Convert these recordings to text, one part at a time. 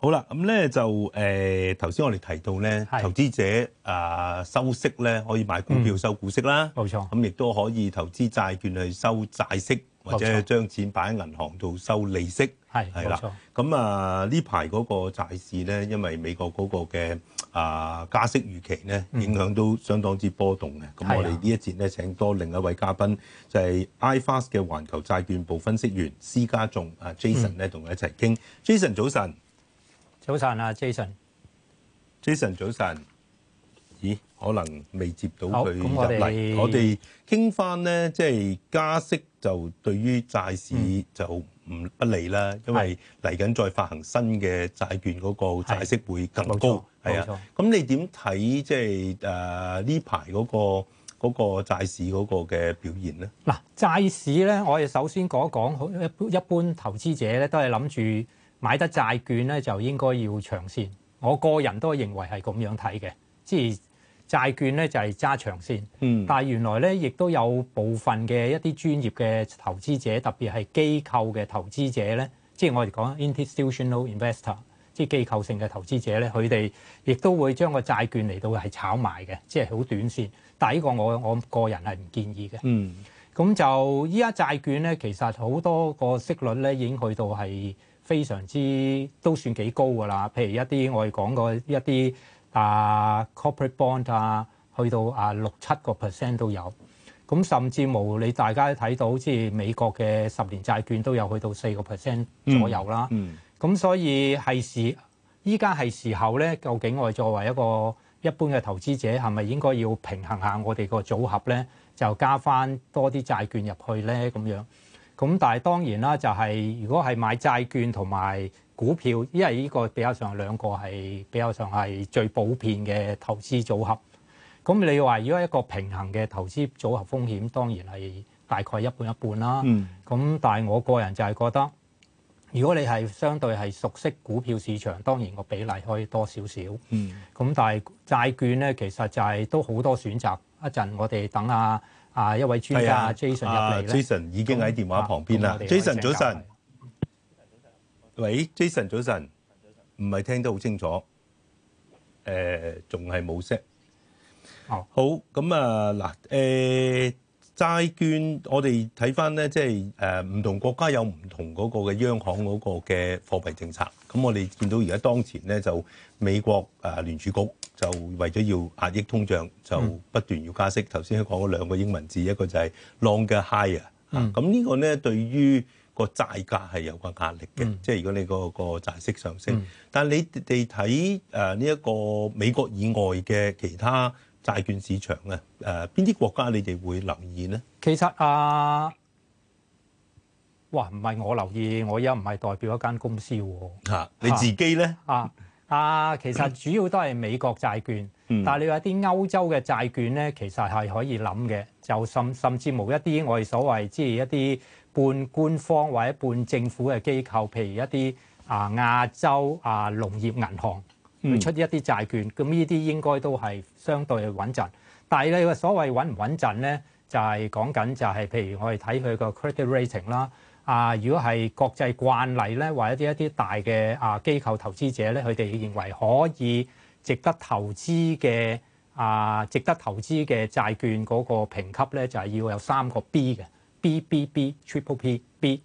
好啦，咁咧就誒，頭先我哋提到咧，投資者啊收息咧，可以買股票收股息啦，冇錯。咁亦都可以投資債券去收債息，或者將錢擺喺銀行度收利息，係，係啦。咁啊呢排嗰個債市咧，因為美國嗰個嘅啊加息預期咧，影響都相當之波動嘅。咁我哋呢一節咧請多另一位嘉賓，就係 iFAST 嘅環球債券部分析員施家頌啊 Jason 咧，同我一齊傾。Jason 早晨。早晨啊，Jason。Jason，早晨。咦，可能未接到佢入嚟。我哋傾翻咧，即、就、係、是、加息就對於債市就唔不利啦，嗯、因為嚟緊再發行新嘅債券嗰個債息會更高。係啊，咁錯你點睇即係誒呢排嗰個嗰、那個債市嗰個嘅表現咧？嗱、嗯，債市咧，我哋首先講一講，一一般投資者咧都係諗住。買得債券咧，就應該要長線。我個人都認為係咁樣睇嘅，即係債券咧就係揸長線。嗯、但係原來咧，亦都有部分嘅一啲專業嘅投資者，特別係機構嘅投資者咧，即係我哋講 institutional investor，即係機構性嘅投資者咧，佢哋亦都會將個債券嚟到係炒賣嘅，即係好短線。但係呢個我我個人係唔建議嘅。嗯、咁就依家債券咧，其實好多個息率咧已經去到係。非常之都算幾高㗎啦，譬如一啲我哋講過一啲啊 corporate bond 啊，去到啊六七個 percent 都有，咁甚至唔理大家睇到，即係美國嘅十年債券都有去到四個 percent 左右啦。咁、嗯嗯、所以係時依家係時候咧，究竟我哋作為一個一般嘅投資者，係咪應該要平衡下我哋個組合咧，就加翻多啲債券入去咧咁樣。咁但係當然啦，就係如果係買債券同埋股票，因為呢個比較上兩個係比較上係最普遍嘅投資組合。咁你話如果一個平衡嘅投資組合風險，當然係大概一半一半啦。咁、嗯、但係我個人就係覺得，如果你係相對係熟悉股票市場，當然個比例可以多少少。咁、嗯、但係債券呢，其實就係都好多選擇。一陣我哋等下。啊！一位專家 Jason 入嚟咧，Jason 已經喺電話旁邊啦。Jason 早晨，喂，Jason 早晨，唔係聽得好清楚，誒，仲係冇聲。哦，好，咁啊嗱，誒。債券，我哋睇翻咧，即係誒唔同國家有唔同嗰個嘅央行嗰個嘅貨幣政策。咁我哋見到而家當前咧就美國誒、呃、聯儲局就為咗要壓抑通脹，就不斷要加息。頭先講咗兩個英文字，一個就係 longer higher。咁、嗯、呢個咧對於個債價係有個壓力嘅，嗯、即係如果你、嗰個、嗰個債息上升，嗯、但係你哋睇誒呢一個美國以外嘅其他。債券市場啊，誒邊啲國家你哋會留意咧？其實啊，哇唔係我留意，我而家唔係代表一間公司喎。啊啊、你自己咧？啊啊，其實主要都係美國債券，嗯、但係你話啲歐洲嘅債券咧，其實係可以諗嘅，就甚甚至冇一啲我哋所謂即係一啲半官方或者半政府嘅機構，譬如一啲啊亞洲啊農業銀行。嗯、佢出一啲債券咁，呢啲應該都係相對穩陣。但係你話所謂穩唔穩陣咧，就係、是、講緊就係譬如我哋睇佢個 credit rating 啦。啊，如果係國際慣例咧，或者一啲大嘅啊機構投資者咧，佢哋認為可以值得投資嘅啊，值得投資嘅債券嗰個評級咧，就係、是、要有三個 B 嘅 BBB triple B B, B, B, triple P, B。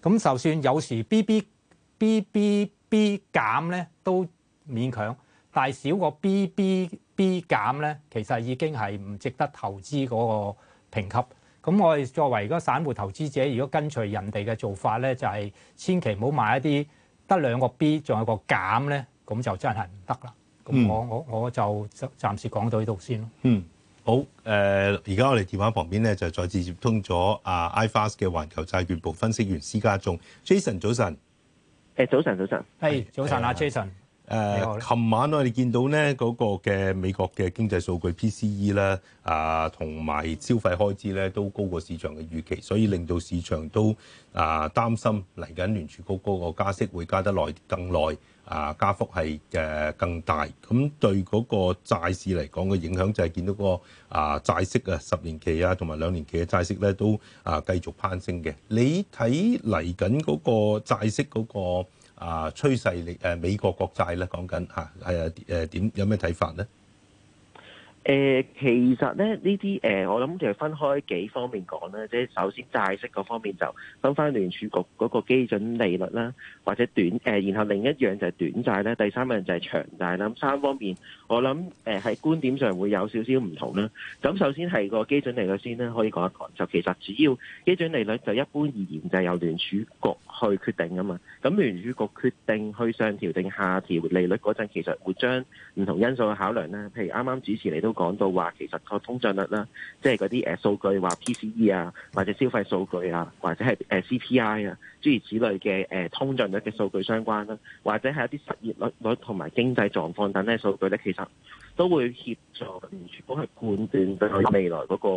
咁就算有時 BBB B 減咧都，勉強，但係少個 B B B 減咧，其實已經係唔值得投資嗰個評級。咁我哋作為嗰個散戶投資者，如果跟隨人哋嘅做法咧，就係、是、千祈唔好買一啲得兩個 B，仲有個減咧，咁就真係唔得啦。咁我、嗯、我我就暫時講到呢度先咯。嗯，好。誒、呃，而家我哋電話旁邊咧就再次接通咗啊 iFAST 嘅環球債券部分析員施家頌 Jason，早晨。誒，早晨 hey, 早晨。係，早晨啊，Jason。Uh, uh, uh, 誒，琴、啊、晚我哋見到呢嗰、嗰個嘅美國嘅經濟數據 PCE 咧，啊，同埋消費開支咧都高過市場嘅預期，所以令到市場都啊擔心嚟緊聯儲局嗰個加息會加得耐更耐，啊加幅係嘅、啊、更大。咁對嗰個債市嚟講嘅影響就係見到、嗰個啊債息啊十年期啊同埋兩年期嘅債息咧都啊繼續攀升嘅。你睇嚟緊嗰個債息嗰、嗰個？啊，趨勢力誒美國國債咧，講緊嚇係誒點，點有咩睇法咧？誒、呃，其實咧呢啲誒、呃，我諗其實分開幾方面講啦。即係首先債息嗰方面就分翻聯儲局嗰個基準利率啦，或者短誒、呃，然後另一樣就係短債啦，第三樣就係長債啦。三方面我諗誒喺觀點上會有少少唔同啦。咁首先係個基準利率先啦，可以講一講。就其實主要基準利率就一般而言就係由聯儲局去決定噶嘛。咁聯儲局決定去上調定下調利率嗰陣，其實會將唔同因素去考量啦。譬如啱啱主持你。都。都講到話，其實個通脹率啦，即係嗰啲誒數據，話 PCE 啊，或者消費數據啊，或者係誒 CPI 啊，諸如此類嘅誒通脹率嘅數據相關啦，或者係一啲失業率率同埋經濟狀況等嘅數據咧，其實都會協助聯儲局去判斷對佢未來嗰、那個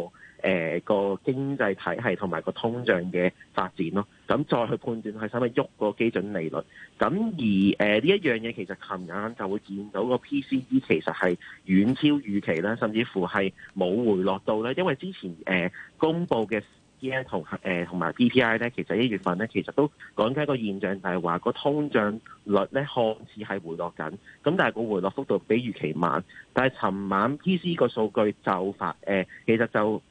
誒個、呃、經濟體系同埋個通脹嘅發展咯。咁再去判斷係使咪喐個基準利率，咁而誒呢、呃、一樣嘢其實琴日就會見到個 PCE 其實係遠超預期啦，甚至乎係冇回落到咧，因為之前誒、呃、公布嘅嘢同誒同埋 P P I 咧，其實一月份咧其實都講緊一個現象，就係話個通脹率咧看似係回落緊，咁但係個回落幅度比預期慢，但係尋晚 PCE 個數據就發誒、呃，其實就。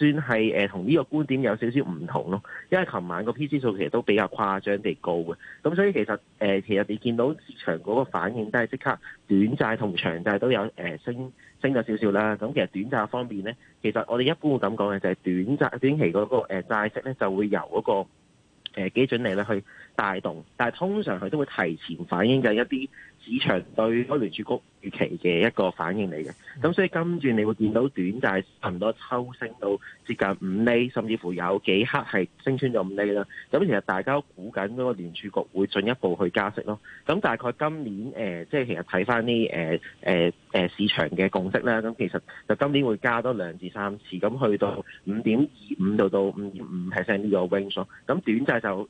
算係誒、呃、同呢個觀點有少少唔同咯，因為琴晚個 P C 數其實都比較誇張地高嘅，咁所以其實誒、呃、其實你見到市場嗰個反應都係即刻短債同長債都有誒、呃、升升咗少少啦，咁其實短債方面咧，其實我哋一般會咁講嘅就係短債短期嗰個誒債息咧就會由嗰個誒基準利率去帶動，但係通常佢都會提前反映緊一啲。市場對嗰聯儲局預期嘅一個反應嚟嘅，咁所以今次你會見到短債差唔多抽升到接近五厘，甚至乎有幾刻係升穿咗五厘啦。咁其實大家都估緊嗰個聯儲局會進一步去加息咯。咁大概今年誒，即、呃、係其實睇翻啲誒誒誒市場嘅共識啦。咁其實就今年會加多兩至三次，咁去到五點二五度到五點五 percent 嘅 range。咁短債就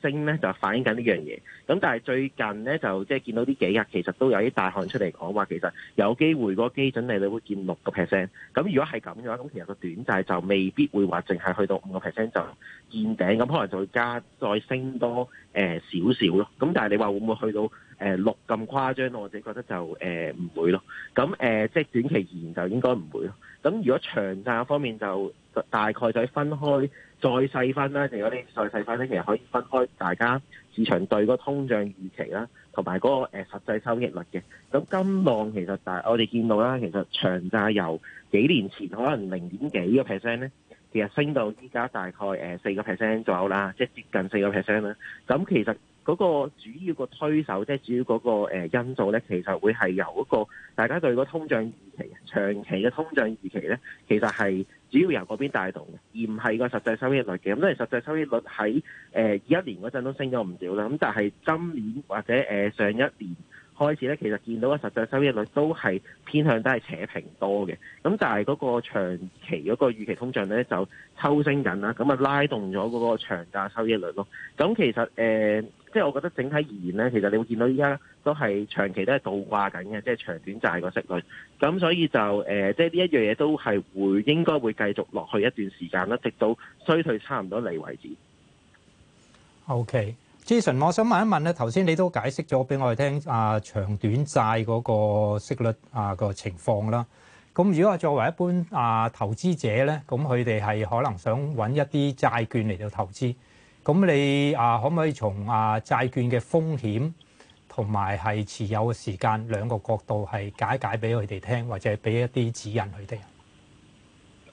升咧就反映緊呢樣嘢。咁但係最近咧就即係見到啲幾日其實都有啲大行出嚟講話，其實有機會個基準利率會見六個 percent。咁如果係咁嘅話，咁其實個短債就未必會話淨係去到五個 percent 就見頂，咁可能就會加再升多誒、呃、少少咯。咁但係你話會唔會去到誒、呃、六咁誇張？我哋覺得就誒唔、呃、會咯。咁誒、呃、即係短期而言就應該唔會咯。咁如果長債方面就大概就係分開再細分啦。如果啲再細分咧，其實可以分開大家市場對個通脹預期啦。同埋嗰個誒實際收益率嘅，咁金浪其實大我哋見到啦，其實長債由幾年前可能零點幾個 percent 咧，其實升到依家大概誒四個 percent 左右啦，即係接近四個 percent 啦。咁其實嗰個主要個推手，即係主要嗰個誒因素咧，其實會係由嗰個大家對個通脹預期，長期嘅通脹預期咧，其實係，主要由嗰邊帶動嘅，而唔係個實際收益率嘅。咁當然實際收益率喺誒二一年嗰陣都升咗唔少啦。咁但係今年或者誒、呃、上一年開始咧，其實見到嘅實際收益率都係偏向都係扯平多嘅。咁但係嗰個長期嗰個預期通脹咧就抽升緊啦。咁、嗯、啊，拉動咗嗰個長假收益率咯。咁、嗯、其實誒。呃即係我覺得整體而言咧，其實你會見到依家都係長期都係倒掛緊嘅，即係長短債個息率。咁所以就誒，呃，即係呢一樣嘢都係會應該會繼續落去一段時間啦，直到衰退差唔多嚟為止。OK，Jason，okay，我想問一問咧，頭先你都解釋咗俾我哋聽啊，長短債嗰個息率啊個情況啦。咁如果話作為一般啊投資者咧，咁佢哋係可能想揾一啲債券嚟到投資。咁你啊，可唔可以從啊債券嘅風險同埋係持有嘅時間兩個角度係解解俾佢哋聽，或者係俾一啲指引佢哋啊？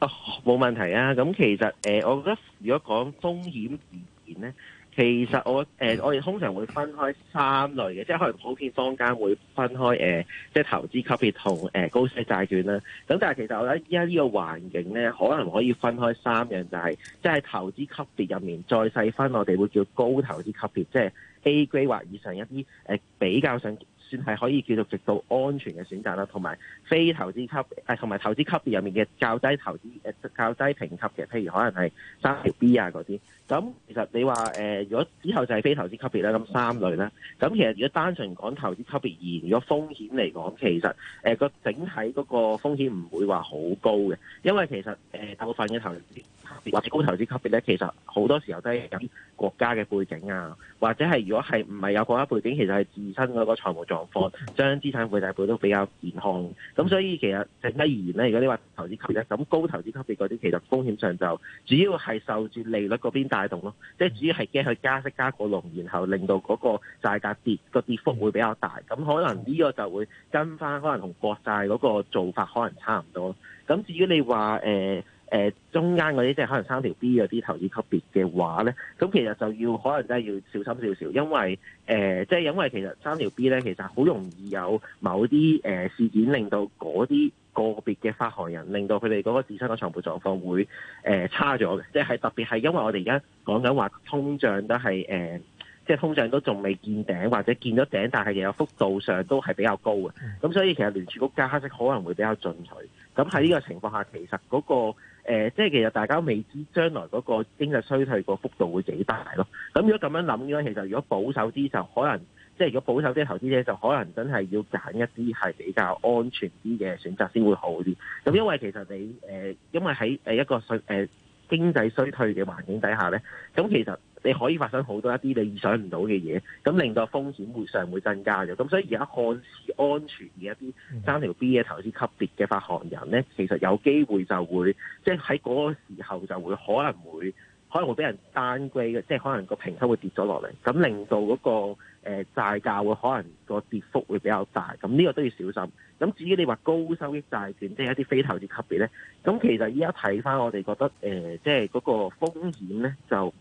哦，冇問題啊！咁，嗯，其實誒，呃，我覺得如果講風險而言咧。其實我誒、呃、我哋通常會分開三類嘅，即係可能普遍坊間會分開誒、呃，即係投資級別同誒高息債券啦。咁但係其實我覺得依家呢個環境咧，可能可以分開三樣，就係即係投資級別入面再細分，我哋會叫高投資級別，即係 A grade 或以上一啲誒、呃、比較上。算係可以叫做極度安全嘅選擇啦，同埋非投資級誒，同埋投資級別入面嘅較低投資誒、呃，較低評級嘅，譬如可能係三條 B 啊嗰啲。咁其實你話誒、呃，如果之後就係非投資級別啦，咁三類啦。咁其實如果單純講投資級別而言，如果風險嚟講，其實誒個、呃、整體嗰個風險唔會話好高嘅，因為其實誒大部分嘅投資或者高投資級別咧，其實好多時候都係有國家嘅背景啊，或者係如果係唔係有國家背景，其實係自身嗰個財務狀況將資產負債表都比較健康。咁所以其實整體而言咧，如果你話投資級別咧，咁高投資級別嗰啲其實風險上就主要係受住利率嗰邊帶動咯、啊，即、就、係、是、主要係驚佢加息加過龍，然後令到嗰個債價跌、嗰個跌幅會比較大。咁可能呢個就會跟翻可能同國債嗰個做法可能差唔多。咁至於你話誒、呃誒中間嗰啲即係可能三條 B 嗰啲投資級別嘅話咧，咁其實就要可能真係要小心少少，因為誒即係因為其實三條 B 咧，其實好容易有某啲誒、呃、事件令到嗰啲個別嘅發行人，令到佢哋嗰個自身嘅財務狀況會誒、呃、差咗嘅，即、就、係、是、特別係因為我哋而家講緊話通脹都係誒，即、呃、係、就是、通脹都仲未見頂，或者見咗頂，但係其實幅度上都係比較高嘅，咁所以其實聯儲局加息可能會比較進取。咁喺呢個情況下，其實嗰、嗰個誒，即係其實大家未知將來嗰個經濟衰退個幅度會幾大咯。咁如果咁樣諗嘅話，其實如果保守啲就可能，即係如果保守啲投資者就可能真係要揀一啲係比較安全啲嘅選擇先會好啲。咁因為其實你誒、呃，因為喺誒一個信誒。呃經濟衰退嘅環境底下咧，咁其實你可以發生好多一啲你意想唔到嘅嘢，咁令到風險會上會增加嘅。咁所以而家看似安全嘅一啲三條 B 嘅投資級別嘅發行人咧，其實有機會就會即係喺嗰個時候就會可能會可能會俾人 downgrade 嘅，即係可能個評級會跌咗落嚟，咁令到嗰個。誒、呃、債價會可能個跌幅會比較大，咁呢個都要小心。咁至於你話高收益債券，即係一啲非投資級別咧，咁其實而家睇翻我哋覺得誒，即係嗰個風險咧就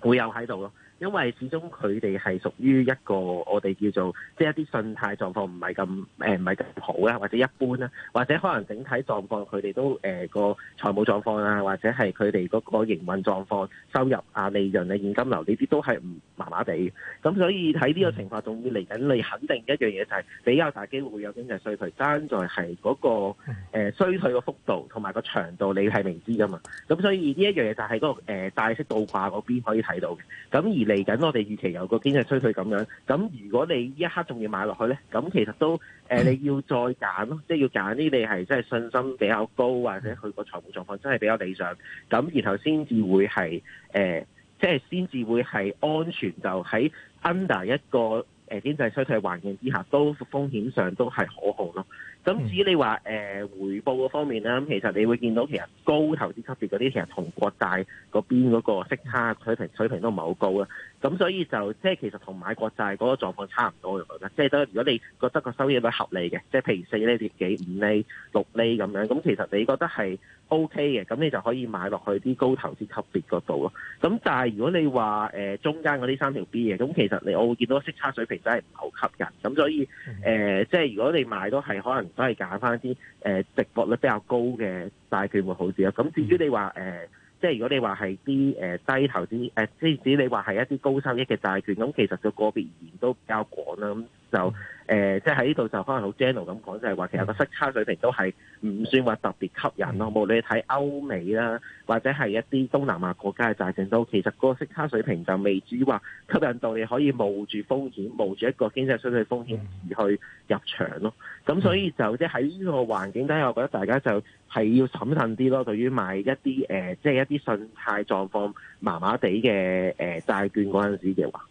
會有喺度咯。因為始終佢哋係屬於一個我哋叫做即係一啲信貸狀況唔係咁誒唔係咁好咧，或者一般咧，或者可能整體狀況佢哋都誒、呃、個財務狀況啊，或者係佢哋嗰個營運狀況、收入啊、利潤啊、現金流呢啲都係唔麻麻地。咁所以睇呢個情況仲要嚟緊，你肯定一樣嘢就係比較大機會會有經濟衰退，爭在係嗰個衰退嘅幅度同埋個長度，你係明知噶嘛。咁所以呢一樣嘢就係嗰個、呃、債息倒掛嗰邊可以睇到嘅。咁而嚟緊，我哋預期有個經濟衰退咁樣，咁如果你一刻仲要買落去呢，咁其實都誒、呃，你要再揀咯，即係要揀啲你係即係信心比較高，或者佢個財務狀況真係比較理想，咁然後先至會係誒、呃，即係先至會係安全，就喺 under 一個誒經濟衰退環境之下，都風險上都係可控咯。咁、嗯、至於你話誒、呃、回報嘅方面咧，咁其實你會見到其實高投資級別嗰啲，其實同國債嗰邊嗰個息差水平水平都唔係好高啦。咁所以就即係其實同買國債嗰個狀況差唔多嘅，即、就、係、是、如果你覺得個收益都係合理嘅，即、就、係、是、譬如四厘幾、五厘、六厘咁樣，咁其實你覺得係 OK 嘅，咁你就可以買落去啲高投資級別嗰度咯。咁但係如果你話誒、呃、中間嗰啲三條 B 嘅，咁其實你我會見到息差水平真係唔係好吸引。咁所以誒、呃，即係如果你買都係可能。所以揀翻啲誒直播率比較高嘅債券會好啲咯。咁至於你話誒，即係如果你話係啲誒低投資誒，即使你話係一啲高收益嘅債券，咁其實個別而言都比較廣啦。 就誒，呃，即喺呢度就可能好 general 咁講，就係、是、話，其實個息差水平都係唔算話特別吸引咯。無論你睇歐美啦，或者係一啲東南亞國家嘅債券都，其實個息差水平就未至於話吸引到你可以冒住風險，冒住一個經濟衰退風險而去入場咯。咁所以就即喺呢個環境底下，我覺得大家就係要審慎啲咯，對於買一啲誒，呃，即係一啲信貸狀況麻麻地嘅誒債券嗰陣時嘅話。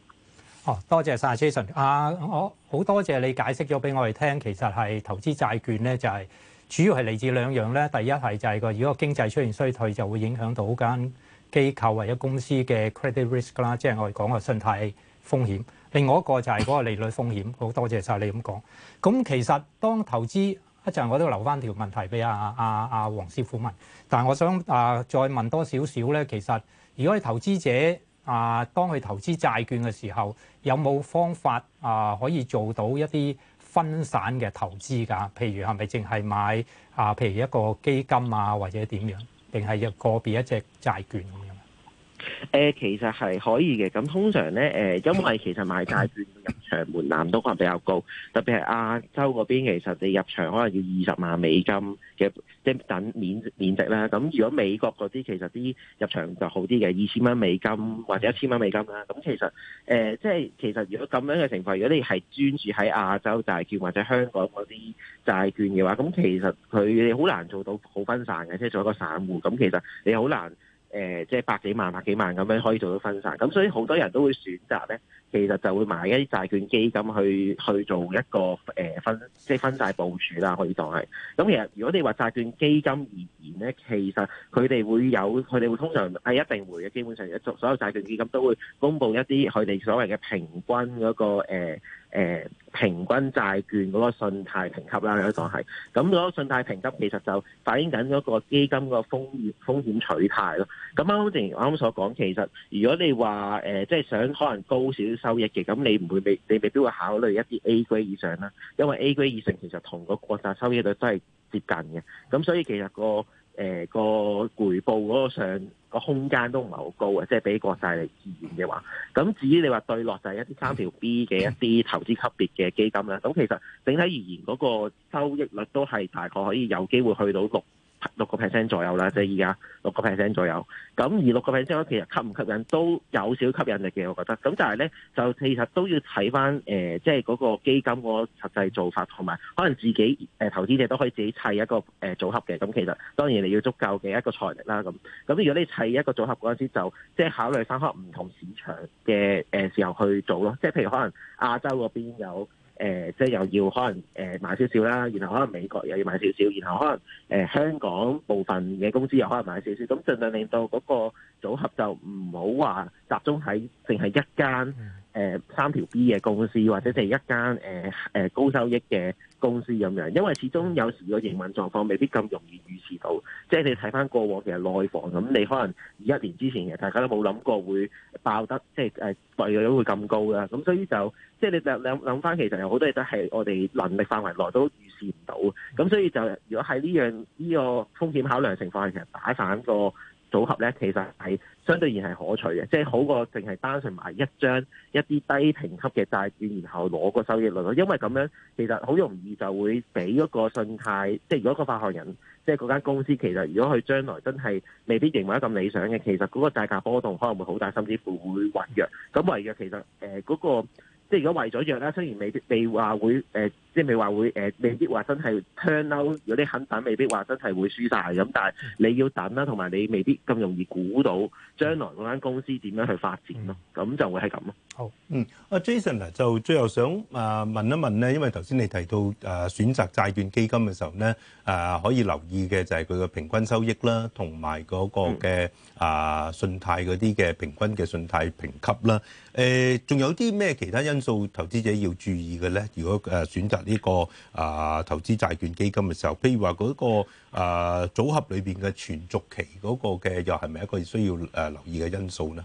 多謝曬 Jason 啊！我好多謝你解釋咗俾我哋聽，其實係投資債券咧，就係主要係嚟自兩樣咧。第一係就係個，如果經濟出現衰退，就會影響到間機構或者公司嘅 credit risk 啦，即係我哋講個信貸風險。另外一個就係嗰個利率風險。好多謝晒你咁講。咁其實當投資一陣，我都留翻條問題俾阿阿阿黃師傅問。但係我想啊，再問多少少咧，其實如果係投資者。啊，當佢投資債券嘅時候，有冇方法啊可以做到一啲分散嘅投資㗎？譬如係咪淨係買啊，譬如一個基金啊，或者點樣，定係一個別一隻債券？誒、呃、其實係可以嘅，咁通常咧誒、呃，因為其實買債券入場門檻都可能比較高，特別係亞洲嗰邊，其實你入場可能要二十萬美金嘅，即、就是、等面面值啦。咁如果美國嗰啲其實啲入場就好啲嘅，二千蚊美金或者一千蚊美金啦。咁其實誒，即、呃、係其實如果咁樣嘅情況，如果你係專注喺亞洲債券或者香港嗰啲債券嘅話，咁其實佢哋好難做到好分散嘅，即、就、係、是、做一個散戶。咁其實你好難。誒、呃，即係百幾萬、百幾萬咁樣可以做到分散，咁所以好多人都會選擇咧，其實就會買一啲債券基金去去做一個誒、呃、分，即係分債部署啦，可以講係。咁其實如果你話債券基金而言咧，其實佢哋會有，佢哋會通常係一定會嘅，基本上一做所有債券基金都會公布一啲佢哋所謂嘅平均嗰、那個、呃誒平均債券嗰個信貸評級啦，嗰種係咁嗰個信貸評級其實就反映緊嗰個基金個風險風險取態咯。咁啱啱正如啱啱所講，其實如果你話誒即係想可能高少少收益嘅，咁你唔會未你未必會考慮一啲 A 級以上啦，因為 A 級以上其實同個國債收益率都係接近嘅，咁所以其實個。誒、欸、個回報嗰個上個空間都唔係好高啊，即係俾國債嚟支援嘅話，咁至於你話對落就係一啲三條 B 嘅一啲投資級別嘅基金咧，咁、那個、其實整體而言嗰個收益率都係大概可以有機會去到六六個 percent 左右啦，即係而家六個 percent 左右。咁而六個 percent 嗰其實吸唔吸引都有少少吸引力嘅，我覺得。咁但係咧，就其實都要睇翻誒，即係嗰個基金嗰實際做法，同埋可能自己誒投資者都可以自己砌一個誒、呃、組合嘅。咁其實當然你要足夠嘅一個財力啦。咁咁如果你砌一個組合嗰陣時，就即係、就是、考慮翻開唔同市場嘅誒時候去做咯。即係譬如可能亞洲嗰邊有。誒、呃，即係又要可能誒、呃、買少少啦，然後可能美國又要買少少，然後可能誒、呃、香港部分嘅公司又可能買少少，咁盡量令到嗰個組合就唔好話集中喺淨係一間。誒、呃、三條 B 嘅公司，或者係一間誒誒、呃呃、高收益嘅公司咁樣，因為始終有時個營運狀況未必咁容易預示到，即係你睇翻過往其實內房咁，你可能二一年之前嘅大家都冇諗過會爆得即係誒費率會咁高啦，咁所以就即係你諗諗翻，其實有好多嘢都係我哋能力範圍內都預示唔到，咁所以就如果喺呢樣呢個風險考量情況，其實打散個組合咧，其實係相對而言係可取嘅，即係好過淨係單純買一張一啲低評級嘅債券，然後攞個收益率咯。因為咁樣其實好容易就會俾嗰個信貸，即係如果個發行人，即係嗰間公司，其實如果佢將來真係未必認為咁理想嘅，其實嗰個債價波動可能會好大，甚至乎會違約。咁違約其實誒嗰、呃嗰個、即係如果違咗約咧，雖然未必未話會誒。呃即係未話會誒，未必話真係 turn out；有啲肯等，未必話真係會輸晒咁。但係你要等啦，同埋你未必咁容易估到將來嗰間公司點樣去發展咯。咁就會係咁咯。好，嗯，阿 Jason 啊，就最後想啊問一問咧，因為頭先你提到誒選擇債券基金嘅時候咧，誒可以留意嘅就係佢嘅平均收益啦，同埋嗰個嘅啊信貸嗰啲嘅平均嘅信貸評級啦。誒，仲有啲咩其他因素投資者要注意嘅咧？如果誒選擇？呢、這個啊、呃、投資債券基金嘅時候，譬如話嗰、那個啊、呃、組合裏邊嘅存續期嗰個嘅，又係咪一個需要誒、呃、留意嘅因素呢？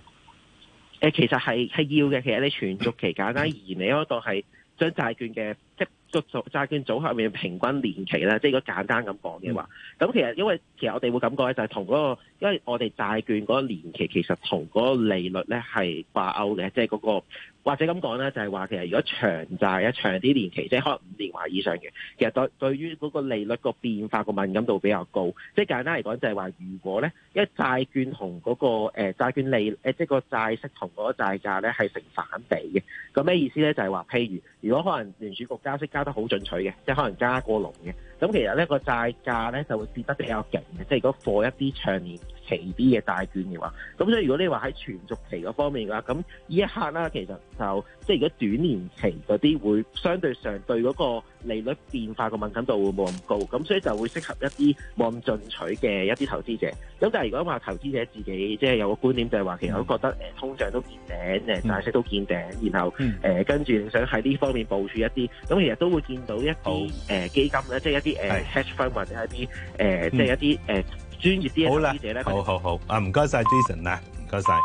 誒、呃，其實係係要嘅。其實你存續期簡單 而言，你嗰度係將債券嘅即係個組債券組合入面嘅平均年期啦。即係如果簡單咁講嘅話，咁 其實因為其實我哋會感覺就係同嗰、那個，因為我哋債券嗰個年期其實同嗰個利率咧係掛鈎嘅，即係嗰、那個。或者咁講咧，就係話其實如果長債啊、長啲年期，即係可能五年或以上嘅，其實對對於嗰個利率個變化個敏感度比較高。即係簡單嚟講，就係話如果咧，因為債券同嗰個誒、呃、債券利誒即係個債息同嗰個債價咧係成反比嘅。咁咩意思咧？就係話，譬如如果可能聯儲局加息加得好進取嘅，即係可能加過龍嘅。咁其實咧個債價咧就會跌得比較勁嘅，即係如果貨一啲長年期啲嘅債券嘅話，咁所以如果你話喺存續期嗰方面嘅話，咁呢一刻啦，其實就即係如果短年期嗰啲會相對上對嗰個利率變化個敏感度會冇咁高，咁所以就會適合一啲冇咁進取嘅一啲投資者。咁但係如果話投資者自己即係、就是、有個觀點就係話，其實都覺得誒通脹都見頂，誒大息都見頂，然後誒、嗯、跟住想喺呢方面部署一啲，咁其實都會見到一啲誒好、呃、基金咧，即係啲誒，hash firm 或者係啲誒，即係是 一啲誒專業啲嘅記者咧，好好好啊！唔該晒 Jason 啊，唔該晒。